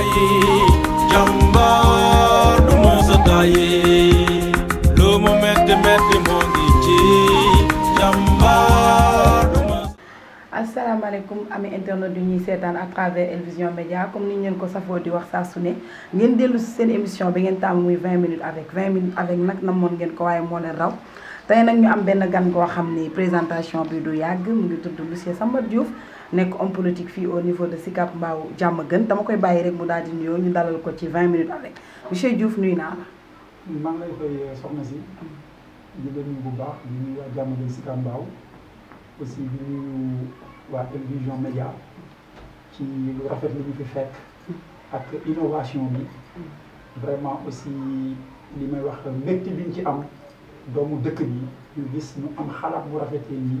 tayi jàmbaar du mës a tayi lu mu metti metti moo ngi du mës asalaamaaleykum ami internet yu ñuy seetaan à travers El Vision Média comme ni ngeen ko safoo di wax saa su ne ngeen dellu si seen émission bi ngeen taamu muy 20 minutes avec 20 minutes avec nag namoon ngeen ko waaye moo leen raw tey nag ñu am benn gan koo xam ni présentation bi du yàgg mu ngi tudd monsieur Samba Diouf nek homme politique fi au niveau de Sicap Mbao jàmm gën dama koy bàyyi rek mu daal di nuyoo ñu dalal ko ci 20 minutes avec monsieur Diouf nuyu naa la. maa ngi lay fay euh, soxna ci ñu leen bu baax di nuyu waa jàmm gën Sicap Mbao aussi di nuyu waa télévision média ci lu rafet lu ñu fi fekk ak innovation bi vraiment aussi li may wax mbégte bi ñu ci am doomu dëkk bi ñu gis ñu am xalaat bu rafetee nii.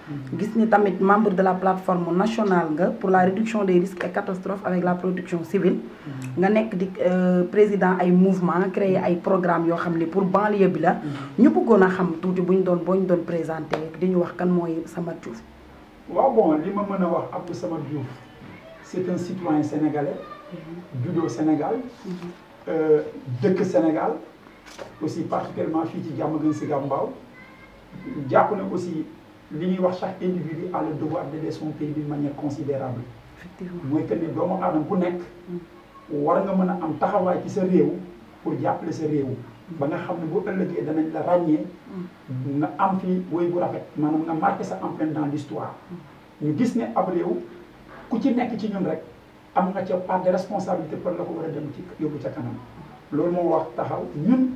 gis ni tamit membre de la plateforme nationale pour la réduction des risques et catastrophes avec la production civile mm-hmm. nga nekk di euh, président ay mouvement créer ay programme yo xamné pour banlieue bi la mm-hmm. ñu bëggona xam tuuti buñ doon boo doon présenter wax kan moy Diouf Wa bon li ma mëna wax Abdou Samath Diouf c'est un citoyen sénégalais mm-hmm. du Sénégal que euh, Sénégal aussi particulièrement fii ci Diamaguène Sicap Mbao jàpp aussi li ñuy wax chaque individu a le devoir d'aider son pays d'une manière considérable mooy que ni doomu aadama ku nekk war nga mën a am taxawaay ci sa réew pour jàppale sa réew ba nga xam ne bu ëllëgee danañ la ràññee nga am fii woy bu rafet maanaam nga marqué sa empreinte dans l'histoire ñu gis ne ab réew ku ci nekk ci ñun rek am nga ca part de responsabilité pour la ko war a dem ci yóbbu ca kanam loolu moo wax taxaw ñun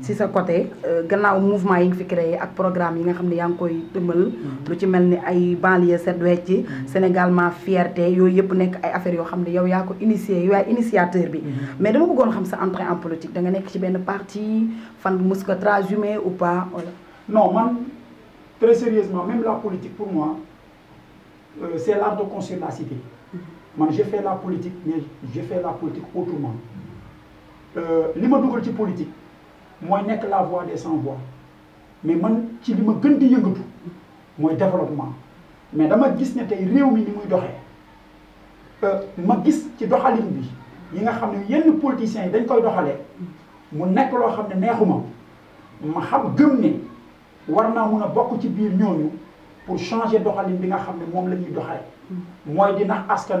si sa côté euh, gannaaw mouvement yi nga fi créé ak programme yi nga xamné yang koy tëmbal mm-hmm. lu ci melni ay banlieue set wecc mm-hmm. Sénégal ma fierté yooyu yëpp nekk ay affaire yo xamné yow ya ko initié yow initiateur bi mm-hmm. mais dama bëggoon xam sa entrée en politique da nga nek ci benn parti fan mos ko ou pas non man très sérieusement même la politique pour moi euh, c'est l'art de construire la cité man j'ai fait la politique mais j'ai fait la politique autrement euh, li ma dugal ci politique que la voix des sans voix mais je ci li ma gën di développement mais je gis ne suis réew mi ni muy doxee euh, ma gis ci politiciens dañ koy ne ma xam gëm je ci biir pas pour changer doxalin bi nga je ne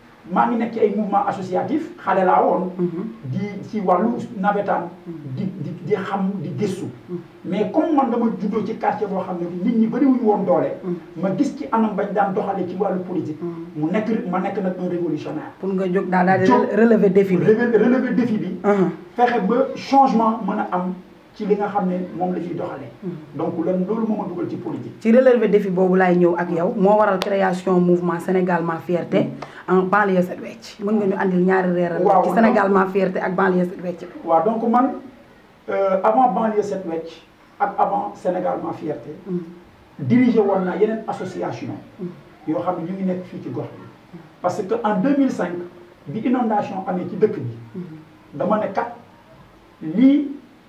maa ngi ci ay mouvement associatif xalé la won mhm. di ci walu nawetaan. Mhm. di di di xam di gëstu. Mhm. mais comme man dama juddoo ci quartier bo xamné nit ñi bari bëriwuñu won doole. ma gis ci anam bañ daan doxale ci walu politique. mu nekk ma nekk nak un révolutionnaire. pour nga jog daal daal relever défi bi. relever défi bi. Uh-huh. fexe ba changement mën am ci li nga xamné mom la ci doxalee. Mm. donc lan loolu moma duggal ci politique. ci relevé défi bobu lay ñew ak yow mo waral création mouvement Sénégal ma fierté mm. en banlieue cette wetch mën nga ñu andil ñaari reeral. ci Sénégal ma fierté ak banlieue cette wetch wa donc man euh, avant banlieue cette wetch ak avant Sénégal ma fierté. Mm. dirigé woon naa yenen association. yo xamni ñu ngi nekk fii ci gox parce que en 2005 bi inondation amé ci dëkk bi. dama ne kat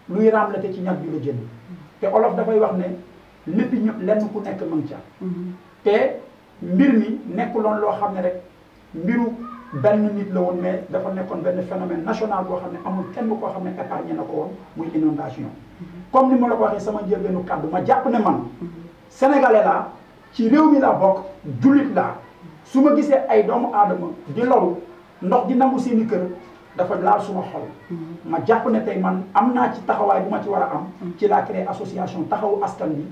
luy ramlate ci ñag bi la jënd te olof dafay wax ne lépp ñëpp lenn ku nekk mën ca mm-hmm. te mbir mi nekkuloon loo xam ne rek mbiru benn nit la woon mais dafa nekkoon benn phénomène national boo xam ne amul kenn koo xam ne épargné na ko woon muy inondation mm-hmm. comme ni ma la ko waxee sama njëlbeenu kàddu ma jàpp ne man mm-hmm. sénégalais laa ci réew mi laa bokk jullit laa su ma gisee ay doomu aadama di loru ndox di nangu seeni kër dafa laal suma xol ma jàpp ne tey man am naa ci taxawaay bu ma ci war a am ci la créé association taxawu askan bi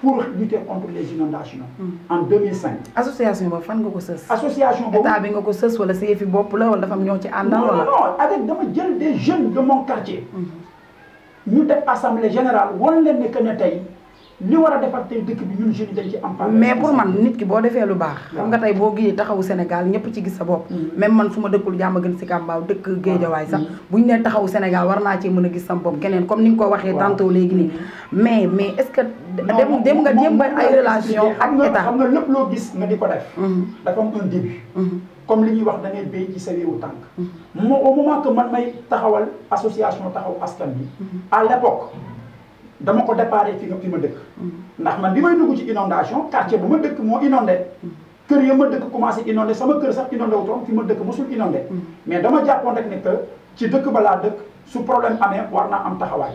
pour lutter contre les inondations mm. en 2005 association boobu fan nga ko sës association boobu état bi nga ko sës wala sa yëfi bopp la wala dafa am ñoo ci àndal non non avec dama jël des jeunes de mon quartier mm-hmm. ñu def assemblée générale wan leen ne que ne tey li war a defar tey dëkk bi ñun jeunes dañ ci am. mais pour man nit ki boo defee lu baax. xam nga tey boo géeyee taxawu Sénégal ñëpp ci gis sa bopp. Mm. même man fu ma dëkkul jàmm gën si Kambaaw dëkk Géejawaay sax mm. buñ nee taxawu Sénégal war naa cee mën a gis sa bopp keneen comme ni nga ko waxee tantôt léegi nii. Mm. mais mais est-ce que. dem dem nga jéem ay relation ak état xam nga lépp loo gis nga di ko def. Mm-hmm. dafa am un mm-hmm. comme li ñuy wax da ngay béy ci sa réewu tànk. Mm-hmm. moo au mu que man may taxawal association taxaw askan bi à l'époque dama ko déparé fi nga fi ma dëkk ndax man bi may dugg ci inondation quartier bu ma dëkk moo inondé kër ya ma dëkk commencé inondé sama kër sax inondé wu toon fi ma dëkk mosul inondé mm. mais dama jàppoon rek ne que ci dëkk balaa dëkk su problème amee war naa am taxawaay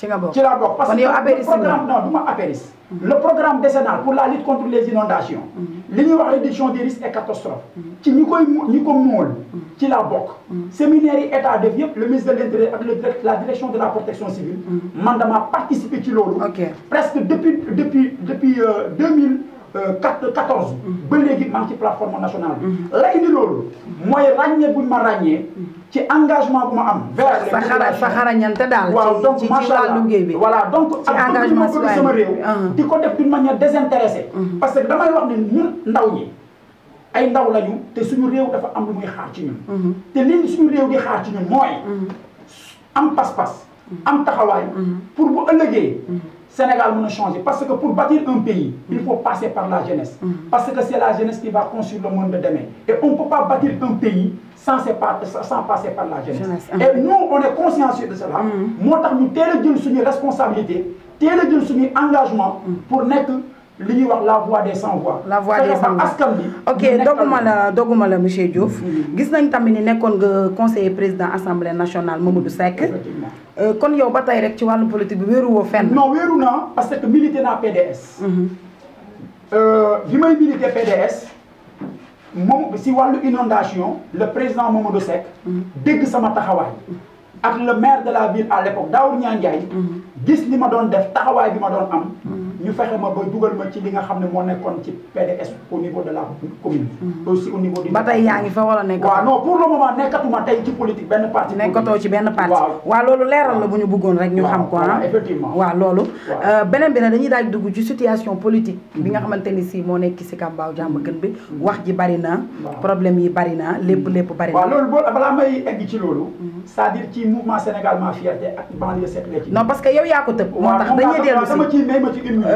ci nga bokk ci laa bokk parce que le programme national, du ma apériste mm-hmm. le programme décennal pour la lutte contre les inondations mm-hmm. li ñuy wax réduction des risques et catastrophes mm-hmm. ci ñi koy ñi ko mool ci laa bokk séminaire yi état def le ministre de l'intérieur ak la direction de la protection civile man dama participer ci loolu presque depuis depuis depuis euh, deux mille euh, quatorze ba léegi maa ngi ci plateforme nationale bi la indi loolu mooy ràññee buñ ma ràññee ci engagement bu am. vers les Sahara, sa xarañante dal waaw donc machallah allah voilà donc ci engagement ci bëgg sama réew. di ko def d'une manière désintéressée. parce que damay wax ni ñun ndaw ñi ay ndaw lañu té suñu rew dafa am lu muy xaar ci ñun. té li suñu rew di xaar ci ñun moy am pas-pas. am taxaway pour bu ëllëgee. Sénégal nous changer parce que pour bâtir un pays il faut passer par la jeunesse parce que c'est la jeunesse qui va construire le monde de demain et on ne peut pas bâtir un pays sans, sans passer par la jeunesse. Hein. Et nous, on est consciencieux de cela. Hum. montant tax ñu d'une jël responsabilité tel d'une jël engagement hum. pour nekk wax la voix des sans voix. la voix des sans voix bi. ok doguma la doguma la monsieur Diouf. Hum. gis nañ tamit ni nga conseiller président assemblée nationale Mamadou Seck. Euh, kon yow ba tey rek ci wàllu politique bi wéeru woo fenn. non wéeru naa parce que milité le PDS. Euh, bi may milité PDS. Si si walu inondation le président Mamadou Seck mm. dégg sama taxaway ak le maire de la ville à l'époque Daour Niang mm. gis li ma def taxaway bi ma am mm. ñu fexé ma ba duggal ma ci li nga xamné mo nekkon ci PDS au niveau de la commune mm-hmm. aussi au niveau du batay yaangi fa wala nekk wa non pour le moment nekkatuma tay ci politique ben parti nekkato ci ben parti wa lolu leral la buñu bëggoon rek ñu xam ko hein ah. effectivement wa lolu euh benen bi na dañuy dal dugg ci situation politique bi nga mm-hmm. xamanteni si mo nekk ci Kambaaw jamm gën bi mm-hmm. wax ji bari na problème yi bari na lepp lepp bari na wa lolu bala may egg ci lolu c'est-à-dire ci mouvement Sénégal ma fierté ak banlieue cette non parce que yow ya ko tepp motax dañuy delu ci sama ci may ci une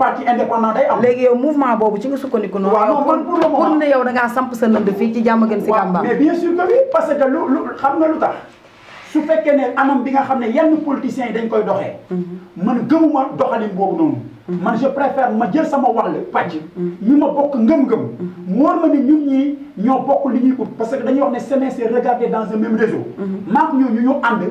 parti indépendant day am. léegi yow mouvement boobu ci nga sukkandiku noonu. waaw non man pour le moment pour ne yow da ngaa samp sa lënd fii ci jàmm gën si Kamba. mais bien sûr que oui parce que lu lu xam nga lu tax su fekkee ne anam bi nga xam ne yenn politiciens yi dañ koy doxee. Mhm. man gëmuma doxalin boobu noonu. Mhm. man je préfère ma jël sama wàll pàcc. Mhm. ñu ma bokk ngëm-ngëm. mu war ma ne ñun ñii ñoo bokk li ñuy ut parce que dañuy wax ne semence est regardée dans un même réseau. maak ñu ànd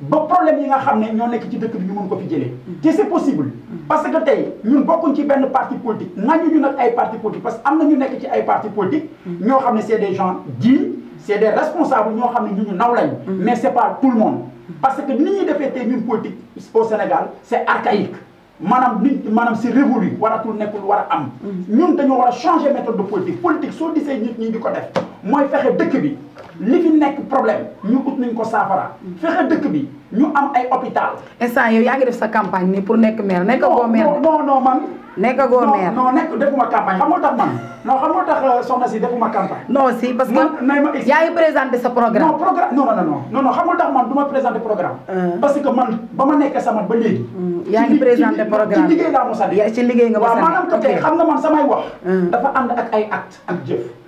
ba problème yi nga xam ne ñoo nekk ci dëkk bi ñu ko jëlee. te c'est possible. parce que nous ñun bokkuñ ci benn parti politique nous sommes dans ay parti politique parce que nous sommes ñu un parti politique nous c'est des gens dignes c'est des responsables nous savons que ñu ñu mm. mais c'est pas tout le monde parce que nous, sommes defee tey politique au Sénégal c'est archaïque Madame, Madame, c'est révolu waratul nekkul war am mm. ñun changer méthode de politique politique soo gisee nit ñi moy fexé dëkk bi li fi nekk problème ñu ut nañ ko saafara fexé dëkk bi ñu am ay hôpital instant yow yaa ngi def sa campagne ni pour nekk maire nekk goo maire non non man nekk go maire non nekk defuma campagne xam nga tax man non xam nga tax euh, soxna si defuma campagne non si parce que yaa ngi présenté sa programme non programme non non non non xam nga tax man duma présenter présenté programme euh. parce que man bama ma nekk sama ba légui mm, yaa ngi présenté programme ci liggéey laa a ci liggéey nga ba a waaw maanaam tey xam nga man samay wax euh. dafa and ak ay acte ak jëf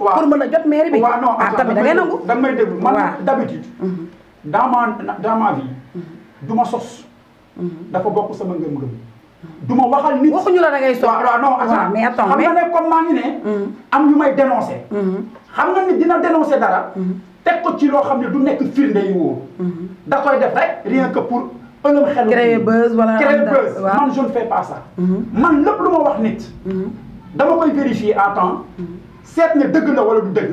pour mën a jot mairie bi. waaw non ah tamit da ngay nangu. da may déglu man d'habitude. Mhm. dans ma dans ma vie. Mhm. du ma sos. Mhm. dafa bokk sama ngëm-ngëm. du ma waxal nit. waxuñu la da ngay sos waaw non. waaw mais attends mais xam nga ne comme maa ngi ne. am ñu may dénoncer. xam nga nit dina dénoncer dara. teg ko ci loo xam ne du nekk firnde yu wóor. da koy def rek rien que pour. ëllëg xel créer buzz wala créer buzz man je ne fais pas ça. man lépp lu ma wax nit. dama koy vérifier à temps. seet ne deug na wala du deug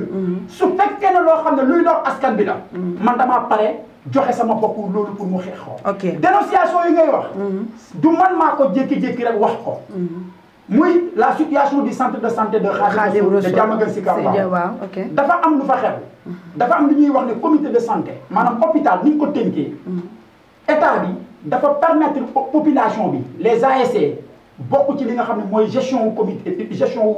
su fekkee ne loo xam luy do askan bi da man dama paré joxé sama bopp loolu pour mu xeexoo. ok dénonciation yi ngay wax. du man mako ko jékki rek wax ko. muy la situation du centre de santé de Khadim Rassoul de Diamaguène Sicap Mbao dafa am lu fa xew. dafa am lu ñuy wax ni comité de santé manam hôpital ni ko tenké état bi dafa permettre population bi les ASC bokku ci li nga xam moy mooy gestion comité gestion.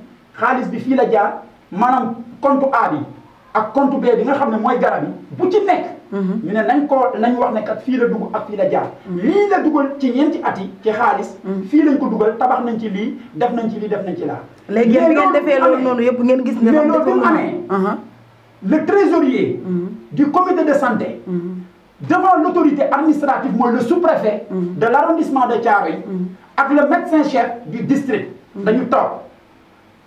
xaalis bi fii la jaar maanaam compte A bi ak compte B bi nga xam ne mooy garab yi bu ci nekk. Mhm. ñu ne nañ ko nañ wax ne kat fii la dugg ak fii la jaar. Mhm. lii la dugal ci ñeenti at yi ci xaalis. Mhm. fii lañ ko dugal tabax nañ ci lii def nañ ci lii def nañ ci laa. léegi yéen bi ngeen defee loolu noonu yëpp ngeen gis. ne loolu bi mu amee uh-huh. le trésorier. du comité de santé. devant l'autorité administrative mooy le sous-préfet. de l'arrondissement de Thiaroye. ak le médecin chef du district. dañu toog.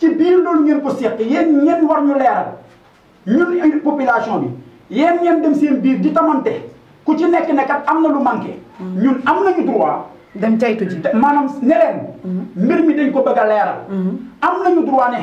ci biir loolu ngeen ko seq yéen ñeen war ñu leeral ñun population bi yéen ñeen dem seen biir di tamante ku ci nekk ne kat am na lu manqué. Mm. ñun am nañu droit. dem caytu ji maanaam ne leen. Mm. mbir mi dañ ko bëgg a leeral. Mm. am nañu droit ne.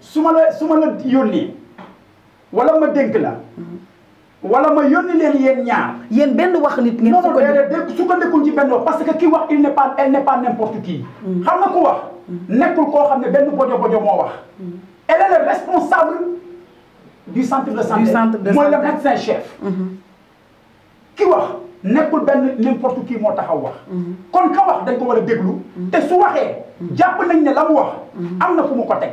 su ma la su ma la yónnee wala ma dénk la wala ma yónni leen yéen ñaar. yéen benn wax nit ngeen. non non déedéet sukkandikul ci benn wax parce que ki wax il n'est pas elle n'est pas n'importe qui. Mm. xam nga ku wax. Mm. nekkul koo xam ne benn bojo bojo moo wax. Mm. elle est le responsable du centre de santé. du centre de santé mooy le médecin chef. Mm-hmm. ki wax nekkul benn n'importe qui moo taxaw wax. Mm-hmm. kon ka wax dañ ko war a déglu. Mm-hmm. te su waxee. jàpp nañ ne la mu wax. am na fu mu ko teg.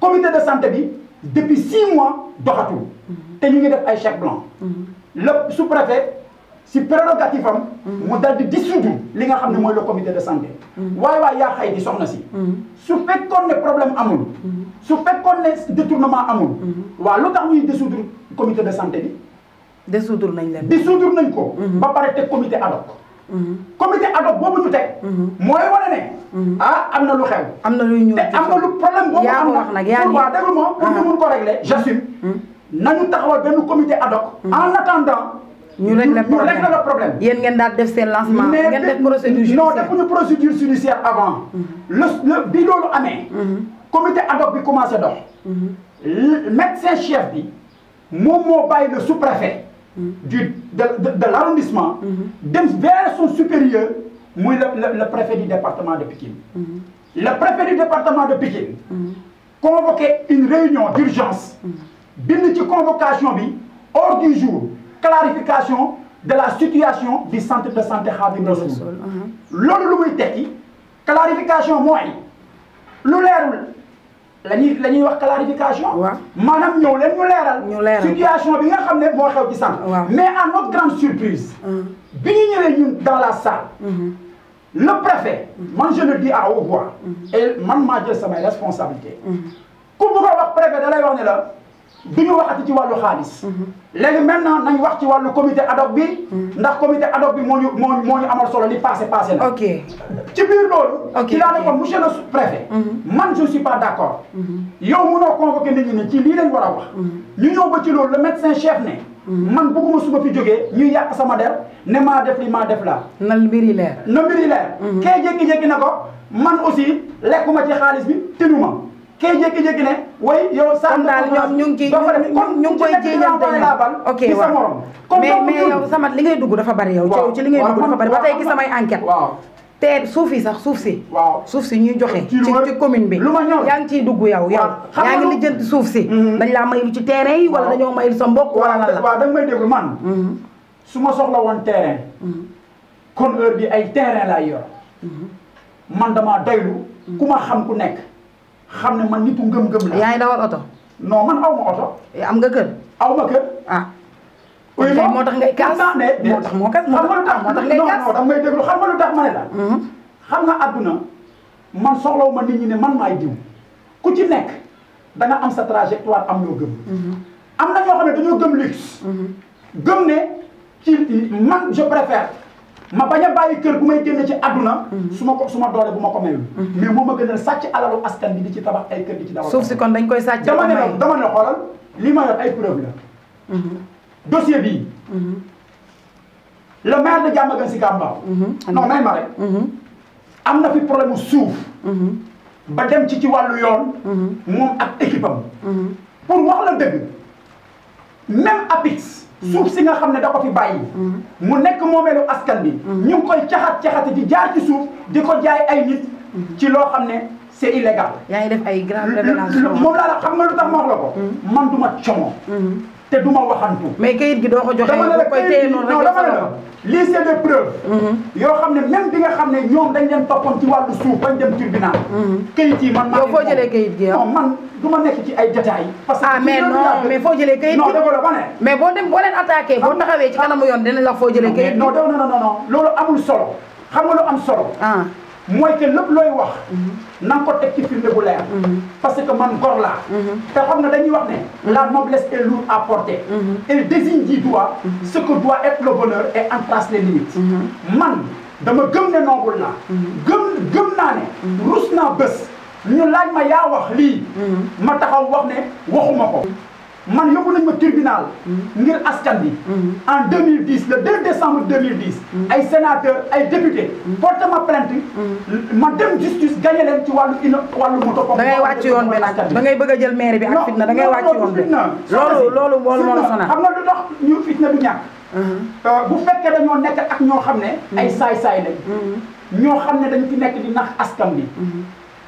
comité de santé depuis six mois il nous avons ngi def chèque blanc mm-hmm. le sous-préfet si prérogatif, am mm-hmm. a dissoudre li nga le comité de santé mm-hmm. waaye waay yaa xay di soxna si su fekkoon problème amul su détournement amul Wa comité de santé dissoudre dissoudre ko ba comité ad hoc Mm-hmm. comité ad hoc bobu ñu là moy né. ah amna lu xew. amna lu ñu lu problème bobu ah. ko régler j'assume. Mm-hmm. nañu taxawal comité ad hoc. Mm-hmm. en attendant. ñu régler problème régler le problème. yeen ngeen daal def lancement. ngeen def procédure judiciaire non procédure judiciaire avant. le le bi comité ad hoc bi commencé dox. médecin chef bi mom le sous-préfet du, de, l'arrondissement, mhm. vers son supérieur, le, préfet du département de Pékin. Mhm. Le préfet du département de Pékin mhm. convoquait une réunion d'urgence, une convocation hors du jour, clarification de la situation du centre de santé Khadim Rassoul. clarification moy la nuit, la ñuy wax clarification. waaw maanaam ñëw leen ñu leeral. situation bi nga xam xew ci mais à notre grande surprise. Hum. bi ñu ñun dans la salle. le préfet. man je le dis à au revoir et man maa jël samay responsabilité ku bëgg a wax préfet da lay wax ne la. bi ñu a ci wàllu xaalis. Mhm. léegi maintenant nañ wax ci wàllu comité ad bi. Mhm. ndax comité ad bi moo ñu moo moo ñu amal solo li passé passé na. ok ci biir loolu. ok il a ne monsieur le sous-préfet. Mhm. man pas d' accord. yow mënoo convoqué nit ñi ne ci lii lañ war a wax. ñu ñëw ba ci loolu le médecin chef ne. man bëgguma su ma fi jógee ñu yàq sama der ne maa def li maa def laa. na mbiri leer. na mbiri leer. kee jékki-jékki na ko man aussi lekkuma ci xaalis bi tënu ma. kay jékki-jékki ne way yow sànq daal ñoom ñu ngi ñu ngi koy jiñal dañu ok waaw mais mais yow sama li ngay dugg dafa bari yow coow ci li ngay dugg dafa bari ba tey gi samay enquête te suuf yi sax suuf si waaw suuf si ñuy joxe ci ci commune bi lu ma ñor yaa ngi ciy dugg yow yow yaa ngi lijjanti suuf si mhm. dañ laa mayul ci terrain yi wala dañoo mayul sa mbokk wala lan la waaw da nga may man mhm. su ma soxla woon terrain mhm. kon heure bi ay terrain laay yor man damaa doylu ku xam ku nekk xam ne man nitu gëm ngëm la. yaa ngi dawal oto. non man aw oto oto. Eh, am nga kër. aw ma kër. ah. oui moo tax ngay kaas moo tax moo kaas moo tax moo tax ngay kaas non non dama ngay déglu xam nga lu tax ma ne la. Mm-hmm. xam nga àdduna man soxlawu man nit ñi ne man maay diw ku ci nekk da am sa trajectoire am ñoo gëm. Mm-hmm. am na ñoo xam ne dañoo gëm luxe. Mm-hmm. gëm ne ci man je préfère. ma bañ a bàyyi kër bu may génne ci àdduna mhm. su ma ko su ma doole bu ma ko mayul mhm. mais moo ma gënal sàcc alalu askan bi di ci tabax ay kër di ci dawal suuf si kon dañ koy sàcc dama ne dama ne xoolal li ma yor ay preuve la mhm. bi la le maire de Diamaguène Sicap Mbao non may ma am na fi problème suuf ba dem ci ci wàllu yoon moom ak équipe pour wax la dëgg même APIX suuf si nga xam ne da ko fi bàyyi. mu nekk moomeelu askan bi. Mm-hmm. ñu ngi koy caxat caxati di jaar ci suuf di ko jaay ay nit. Mm-hmm. ci loo xam ne c'est illégal. yaa ngi def ay grandes révélations moom laa la xam nga lu tax ma wax mm-hmm. man du ma como. te du ma waxantu. mais kayit gi doo ko joxe. dama ne la koy téye noonu la lii c'est mhm. yoo xam ne même bi nga xam ne ñoom dañ leen toppoon ci wàllu suuf bañ dem tribunal. Mhm. kayit yi man maa ngi. foo jëlee kayit gi ah? non man du ma nekk ci ay parce que ah, mais mais foo jëlee kayit gi non dama la ba mais boo dem boo leen attaqué boo taxawee ci kanamu yoon dinañ la foo jëlee kayit gi. non non non non loolu amul solo xam nga lu am solo. Ah. mooy que lépp looy wax. na nga ko teg ci firnde bu parce que man gor la te xamna dañuy wax né la noblesse est lourde à porter. Mm-hmm. elle désigne du doigt. Mm-hmm. ce que doit être le bonheur et en trace les limites. Mm-hmm. man dama gëm né nongul na gëm gëm na né rusna naa ñu laaj ma ya wax li ma taxaw wax né waxuma ko man yóbbu nañ ma tribunal. Mm-hmm. ngir askan bi. Mm-hmm. en 2010 le 2 décembre 2010. Mm-hmm. ay sénateurs ay députés. porte ma plainte. ma dem justice gagné len ci wàllu walu wàllu moto. da ngay wacc yoon bi nak da ngay bëgg jël maire bi ak fitna da ngay wacc yoon bi lolu lolu loolu moo la sonal xam nga lu tax ñu fitna du ñak euh, bu fekkee dañu nekk ak ño xamné ay say say lañ. ñoo xamné ne dañ fi nekk di nax askan bi.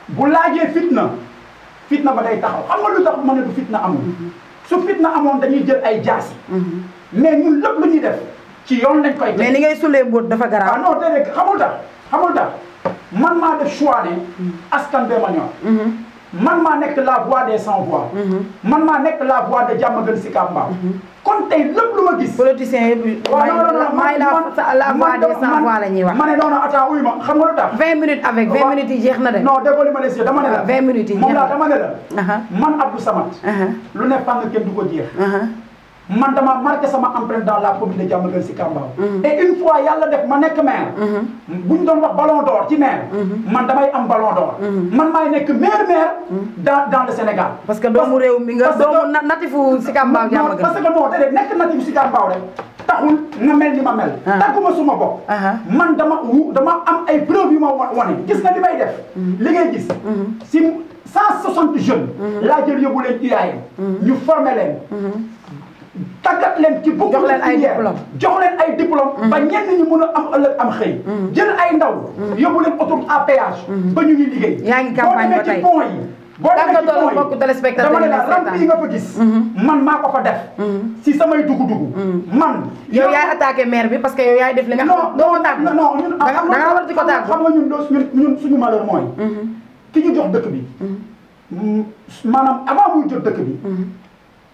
bu laajee fitna fitna ba day taxaw xam nga lu tax ma du fitna amul. su fitna amoon dañuy jël ay jaas mm-hmm. mais ñun lépp lu ñuy def ci yoon lañ koy. mais ni ngay sulee mbóot dafa gara ah non déedéet xamul tax da tax man maa def mm-hmm. askan bee mm-hmm. man maa nekk la voix des sans voix. man maa nekk la voix de Diamaguène Sicap Mbao kon tey lépp lu ma gis. politicien yëpp waaw non non la voix des sans voix wax. ma ne non non attends uyu ma xam nga lu tax. minutes avec 20 minutes yi jeex na de. non déggoo li ma ne si dama ne la. 20 la. man Abdou Samad. lu ne fànn kenn du ko jeex. man dama marqué sama empreinte dans la commune de Diamaguène mhm. et une fois yalla def ma nek maire mhm. buñ ñu doon wax ballon d'or ci maire mhm. man damay am ballon d'or man may nek maire maire dans dans le Sénégal parce que doomu rew mi nga doomu natifu Sicap Mbao parce que non déedéet nekk natifu Sicap Mbao rek taxul na mel ni ma mel ah. taguma suma bok man dama dama am ay preuve yu ma wane gis nga limay def li ngay gis si 160 jeunes la jël yóbbu leen UAM e. ñu former len tàggat leen ci bokk jox leen ay diplôme jox leen ay diplôme mm-hmm. ba ñenn ñu mën a am ëllëg am xëy mm-hmm. jël ay ndaw mm-hmm. yóbbu leen autoroute à péage ba ñu ngi liggéey yaa ngi campagne ba tey boo demee ci pont yi boo demee ci pont yi mbokk man maa ko fa def si samay dugu-dugu man yow yaay attaqué maire bi parce que yow yaay def li nga xam doo ko tàggu non ñun da nga war di ko tàggu mooy ki ñu jox dëkk bi maanaam avant muy jot dëkk bi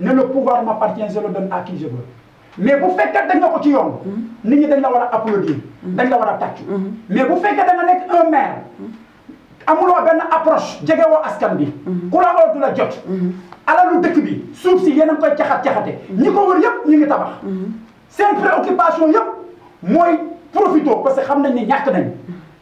ne le pouvoir m'appartient je le donne à qui je veux mais vous faites que vous ko ci vous hmm. applaudir hmm. la hmm. mais vous vous que vous un maire vous benn approche allez vous bi la vous la allez dëkk bi vous koy vous allez ko vous préoccupation parce que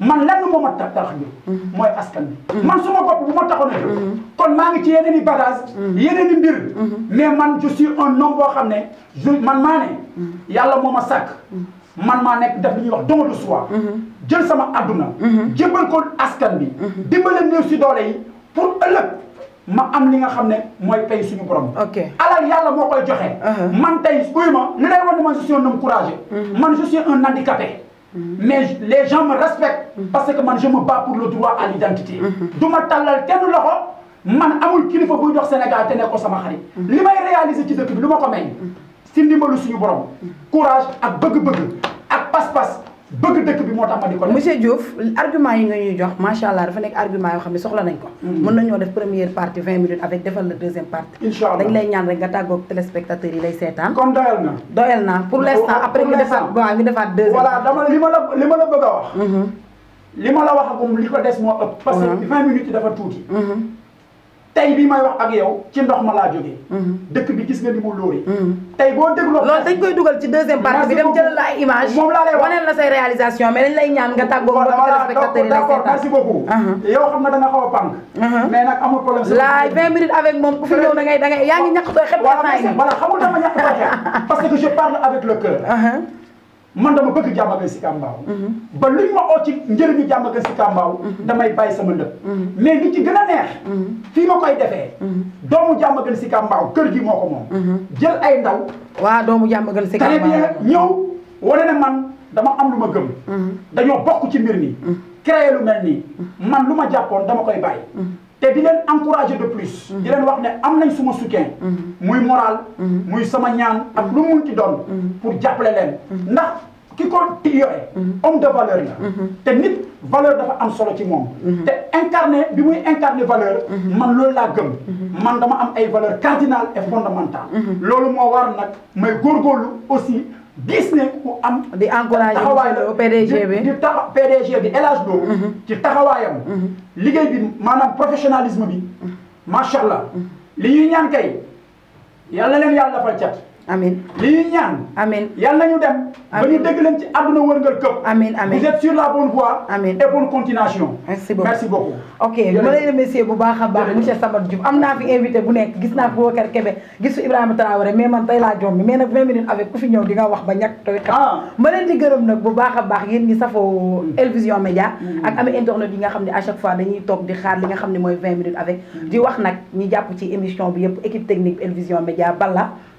man lan qui ma tax tax qui mm-hmm. askan bi mm-hmm. man suma suis un taxone a mm-hmm. kon ma ngi ci yeneeni bagage yeneeni mbir mais man je suis un homme bo je man mané yalla moma moo man ma nek def je ñuy wax don de soi jël sama aduna jébbal ko askan bi Je suis un homme yi pour ëllëg ma am li nga xam moy pay suñu borom. ok alal yalla mo koy joxe. Uh-huh. man tay uyu ma lay fait ne man je suis un homme courageux. man je suis un handicapé. Mm-hmm. mais les gens me respectent mm-hmm. parce que je me bats pour le droit à l'identité du Je suis kenn man amul kilifa buy dox Sénégal te nekk sama xarit mm-hmm. li réaliser ci dëkk bi lu ko c'est si je suñu borom courage ak bëgg passe et pas-pas bëgg dëkk bi moo tax ma di ko def. monsieur Diouf argument yi nga ñuy jox macha allah dafa nekk argument yoo xam ne soxla nañ ko. Mm. mën nañoo def première partie 20 minutes avec defal la deuxième partie. dañ lay ñaan rek nga tàggoog téléspectateurs yi lay seetaan. comme doyal na. doyal na pour l' instant après ñu defaat waaw ñu defaat deuxième. voilà dama li ma la bëgg a wax. Mm-hmm. li ma la wax ak moom li ko des moo ëpp. parce que 20 mm-hmm. minutes dafa tuuti. Mm-hmm. tey bi may wax ak yow ci ndox ma laa jógee. Mhm. dëkk bi gis nga ni mu lóoree. Mhm. tey boo dégloo. loolu dañ koy dugal ci deuxième partie bi dem jëlal la image moom laa lay wax waneel la say réalisation mais lay ñaan nga tàggoo ko téléspectateurs yi lay seetaan merci beaucoup. Mhm. yow xam nga da nga xaw a pànk. mais nag amul problème. laay 20 minutes avec moom ku fi ñëw da ngay da ngay yaa ngi ñàkk tooy xet. waaw voilà xamul dama ñàkk tooy xet parce que je parle avec le cœur. man dama bëgg jàmbagan si kàmbaaw mhm. ba luñ ma oo ci njëriñu jàmbagan si kàmbaaw mhm. damay bàyyi sama ndëpp mhm. mais li ci gën a neex fii ma koy defee doomu jàmbagan si kàmbaaw kër gi moo ko moom jël ay ndaw waaw doomu jàmbagan si kàmbaaw très bien ñëw wane ne man dama am lu ma gëm dañoo bokk ci mbir mi créé lu mel nii man lu ma jàppoon dama koy bàyyi te di leen encourager de plus. Mm-hmm. di leen wax ne am nañ suma soutien. Mm-hmm. muy moral. Mm-hmm. muy sama ñaan ak lu mun ci doon. pour jàppale leen. ndax ki ko ti yore. homme de valeur la. te nit valeur dafa am solo ci moom. te incarné bi muy incarné valeur. man loolu laa gëm. man dama am ay valeurs cardinales et fondamentales. loolu moo war nag may góorgóorlu aussi. gis ne ku am. di encouragé PDG bi di taxaw PDG bi El Hadj Lo mhm. ci taxawaayam. Mhm. liggéey bi maanaam professionnalisme bi. Mhm. macha allah li ñuy ñaan kay yal na leen yàlla defal Amen. lii ñaan. amiin yàlla ñu dem. ba ñu dégg leen ci aduna wërngal këpp. Amen, amen. vous êtes sur la bonne voie. Amen. et bonne continuation. merci beaucoup merci beaucoup. ok ma lay remercier bu baax baax monsieur Sabar Diouf Amna fi invité bu nekk gis naa fi Boubacar Kébé Gisu fi Ibrahima Traoré mais man tey laa jombi mais nak 20 minutes avec ku fi ñew di nga wax ba ñak tooy xam. Ah. ma leen di gëreum nak bu baax baax yeen ñi safo mm. Elvision Media Média. Mm. ak amee internet yi nga xam ne à chaque fois dañuy toog di xaar li nga xam ne 20 minutes avec. Mm. di wax nak ñi japp ci émission bi yépp équipe technique Elvision Media Média Balla